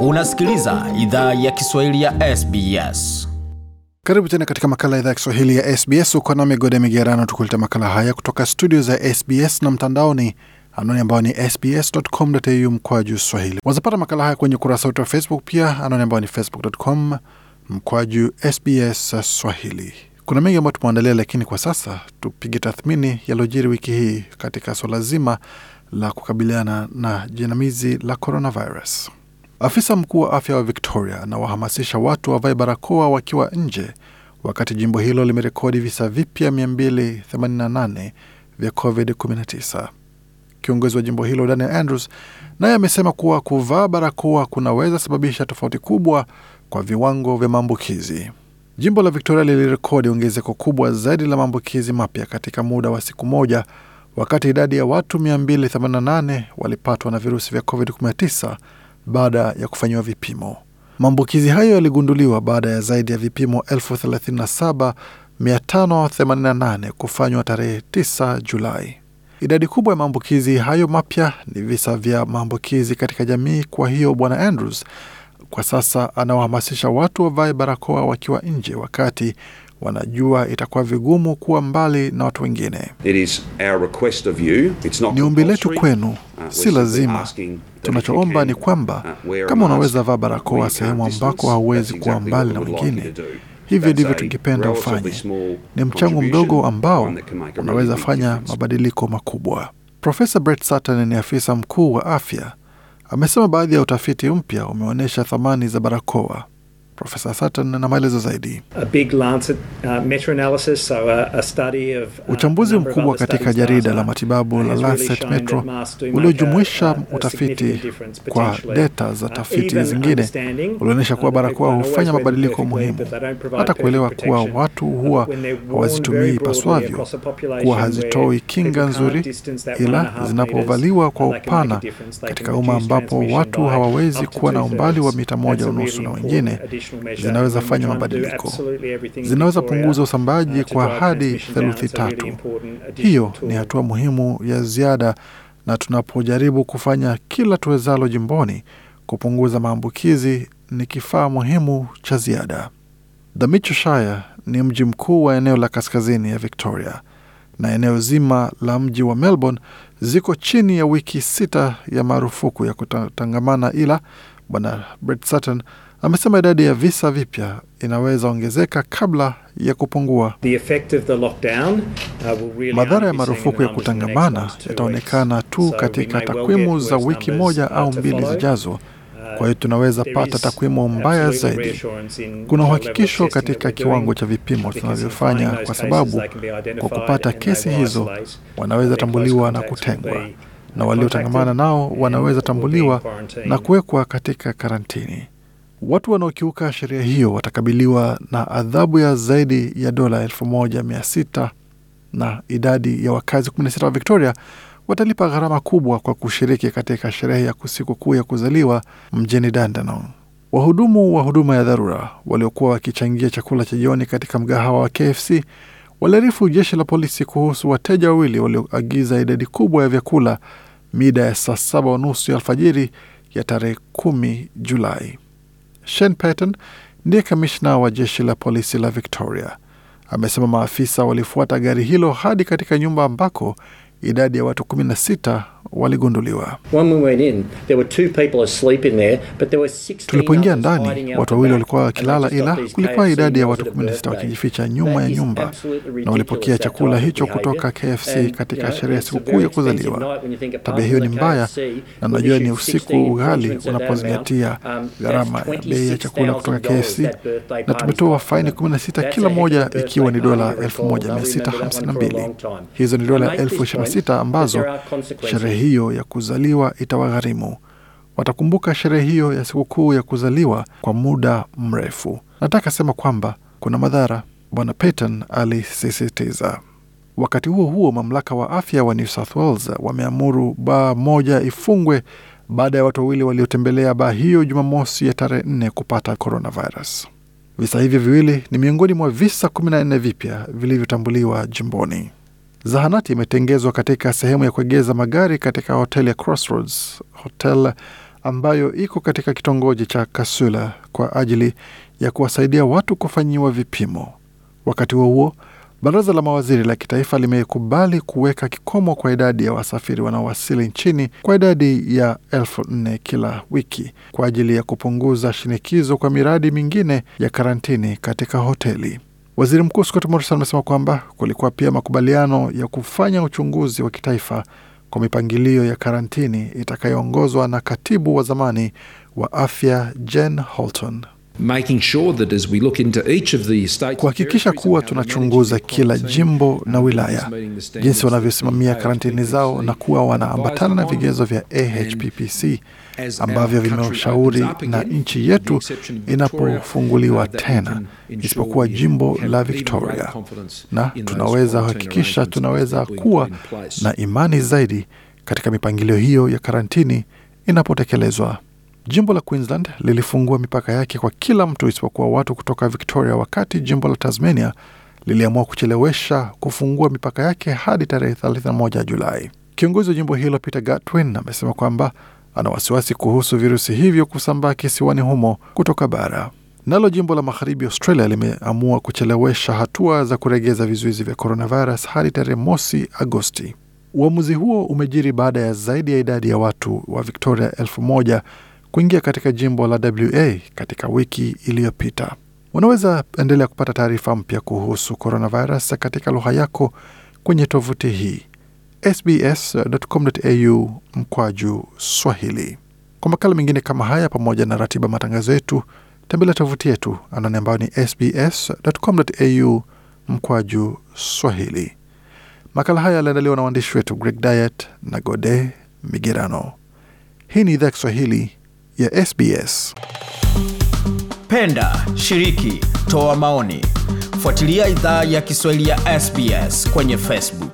Unasikiliza idhaa ya Kiswahili ya SBS. Karibu tena katika makala ya idhaa ya Kiswahili ya SBS. Uko na Migode Migerano tukuleta makala haya kutoka studio za SBS na mtandaoni, anwani ambao ni sbs.com.au mkwaju swahili. Wazapata makala haya kwenye ukurasa wetu wa Facebook, pia anwani ambao ni facebook.com mkwaju SBS swahili. Kuna mengi ambayo tumeandalia, lakini kwa sasa tupige tathmini yaliyojiri wiki hii katika swala zima la kukabiliana na jinamizi la coronavirus. Afisa mkuu wa afya wa Victoria anawahamasisha watu wavae barakoa wakiwa nje, wakati jimbo hilo limerekodi visa vipya 288 vya COVID-19. Kiongozi wa jimbo hilo Daniel Andrews naye amesema kuwa kuvaa barakoa kunaweza sababisha tofauti kubwa kwa viwango vya maambukizi. Jimbo la Victoria lilirekodi ongezeko kubwa zaidi la maambukizi mapya katika muda wa siku moja, wakati idadi ya watu 288 walipatwa na virusi vya COVID-19 baada ya kufanyiwa vipimo. Maambukizi hayo yaligunduliwa baada ya zaidi ya vipimo 37588 kufanywa tarehe 9 Julai. Idadi kubwa ya maambukizi hayo mapya ni visa vya maambukizi katika jamii. Kwa hiyo Bwana Andrews kwa sasa anawahamasisha watu wavae barakoa wakiwa nje wakati wanajua itakuwa vigumu kuwa mbali na watu wengine. Ni ombi letu kwenu, uh, si lazima. Tunachoomba ni kwamba uh, kama unaweza vaa barakoa sehemu ambako hauwezi kuwa mbali na wengine, hivyo ndivyo tungependa ufanye. Ni mchango mdogo ambao unaweza fanya mabadiliko makubwa. Profesa Brett Sutton ni afisa mkuu wa afya, amesema baadhi ya utafiti mpya umeonyesha thamani za barakoa. Profesa Sutton na maelezo zaidi. Uchambuzi mkubwa katika jarida la matibabu la Lancet Metro uliojumuisha utafiti kwa deta za uh, tafiti zingine ulionyesha kuwa uh, barakoa hufanya mabadiliko muhimu, hata kuelewa kuwa watu huwa hawazitumii ipaswavyo, kuwa hazitoi kinga nzuri, ila zinapovaliwa kwa upana katika umma ambapo watu hawawezi kuwa na umbali wa mita moja unusu na wengine zinaweza fanya mabadiliko, zinaweza punguza usambaji uh, kwa hadi theluthi tatu. Hiyo ni hatua muhimu ya ziada, na tunapojaribu kufanya kila tuwezalo jimboni kupunguza maambukizi ni kifaa muhimu cha ziada. Dhamichshire ni mji mkuu wa eneo la kaskazini ya Victoria na eneo zima la mji wa Melbourne ziko chini ya wiki sita ya marufuku ya kutangamana, ila Bwana Brett Sutton amesema idadi ya visa vipya inaweza ongezeka kabla ya kupungua. Uh, madhara ya marufuku ya kutangamana yataonekana tu katika takwimu za wiki moja uh, au mbili zijazo. Uh, kwa hiyo tunaweza pata takwimu mbaya zaidi. Kuna uhakikisho katika kiwango cha vipimo tunavyofanya, kwa sababu kwa kupata kesi hizo wanaweza tambuliwa na kutengwa, na waliotangamana nao wanaweza tambuliwa na kuwekwa katika karantini. Watu wanaokiuka sheria hiyo watakabiliwa na adhabu ya zaidi ya dola elfu moja mia sita na idadi ya wakazi 16 wa Victoria watalipa gharama kubwa kwa kushiriki katika sherehe ya sikukuu ya kuzaliwa mjini Dandenong. Wahudumu wa huduma ya dharura waliokuwa wakichangia chakula cha jioni katika mgahawa wa KFC waliarifu jeshi la polisi kuhusu wateja wawili walioagiza idadi kubwa ya vyakula mida ya saa saba unusu ya alfajiri ya tarehe 10 Julai. Shen Patton ndiye kamishna wa jeshi la polisi la Victoria amesema maafisa walifuata gari hilo hadi katika nyumba ambako idadi ya watu 16 waligunduliwa. Tulipoingia ndani, watu wawili walikuwa wakilala, ila kulikuwa idadi ya watu 16 wakijificha nyuma ya nyumba, na walipokea chakula hicho kutoka KFC katika sherehe ya sikukuu ya kuzaliwa. Tabia hiyo ni mbaya, na najua ni usiku ughali unapozingatia um, gharama ya bei ya chakula kutoka KFC, na tumetoa faini 16 kila moja, ikiwa ni dola 1652. Hizo ni dola elfu sita ambazo sherehe hiyo ya kuzaliwa itawagharimu. Watakumbuka sherehe hiyo ya sikukuu ya kuzaliwa kwa muda mrefu. Nataka sema kwamba kuna madhara, Bwana peton alisisitiza. Wakati huo huo, mamlaka wa afya wa New South Wales wameamuru baa moja ifungwe baada ya watu wawili waliotembelea baa hiyo Jumamosi ya tarehe nne kupata coronavirus. Visa hivyo viwili ni miongoni mwa visa 14 vipya vilivyotambuliwa jimboni. Zahanati imetengezwa katika sehemu ya kuegeza magari katika hoteli ya Crossroads Hotel ambayo iko katika kitongoji cha Kasula kwa ajili ya kuwasaidia watu kufanyiwa vipimo. Wakati huo huo, baraza la mawaziri la kitaifa limekubali kuweka kikomo kwa idadi ya wasafiri wanaowasili nchini kwa idadi ya elfu nne kila wiki kwa ajili ya kupunguza shinikizo kwa miradi mingine ya karantini katika hoteli. Waziri Mkuu Scott Morrison amesema kwamba kulikuwa pia makubaliano ya kufanya uchunguzi wa kitaifa kwa mipangilio ya karantini itakayoongozwa na katibu wa zamani wa afya Jen Holton kuhakikisha kuwa tunachunguza kila jimbo na wilaya jinsi wanavyosimamia karantini zao na kuwa wanaambatana na vigezo vya AHPPC ambavyo vimeshauri na nchi yetu inapofunguliwa tena, isipokuwa jimbo la Victoria, na tunaweza hakikisha tunaweza kuwa na imani zaidi katika mipangilio hiyo ya karantini inapotekelezwa. Jimbo la Queensland lilifungua mipaka yake kwa kila mtu isipokuwa watu kutoka Victoria, wakati jimbo la Tasmania liliamua kuchelewesha kufungua mipaka yake hadi tarehe 31 Julai. Kiongozi wa jimbo hilo Peter Gatwin amesema kwamba ana wasiwasi kuhusu virusi hivyo kusambaa kisiwani humo kutoka bara. Nalo jimbo la magharibi Australia limeamua kuchelewesha hatua za kuregeza vizuizi vya coronavirus hadi tarehe mosi Agosti. Uamuzi huo umejiri baada ya zaidi ya idadi ya watu wa Victoria elfu moja kuingia katika jimbo la WA katika wiki iliyopita. Unaweza endelea kupata taarifa mpya kuhusu coronavirus katika lugha yako kwenye tovuti hii sbs.com.au mkwaju Swahili. Kwa makala mengine kama haya, pamoja na ratiba matangazo yetu, tembelea tovuti yetu anwani ambayo ni sbs.com.au mkwaju Swahili. Makala haya yaliandaliwa na waandishi wetu Greg Diet na Gode Migerano. Hii ni idhaa ya Kiswahili ya SBS. Penda, shiriki, toa maoni. Fuatilia idhaa ya Kiswahili ya SBS kwenye Facebook.